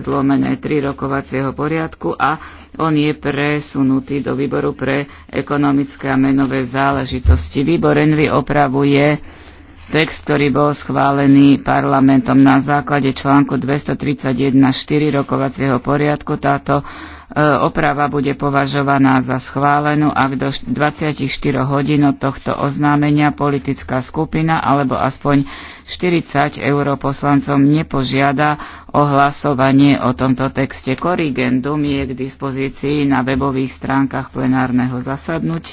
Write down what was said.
zlomené tri rokovacieho poriadku a on je presunutý do výboru pre ekonomické a menové záležitosti. Výbor Envy opravuje Text, ktorý bol schválený parlamentom na základe článku 231.4 rokovacieho poriadku, táto e, oprava bude považovaná za schválenú, ak do 24 hodín od tohto oznámenia politická skupina alebo aspoň 40 europoslancom nepožiada o hlasovanie o tomto texte. Korigendum je k dispozícii na webových stránkach plenárneho zasadnutia.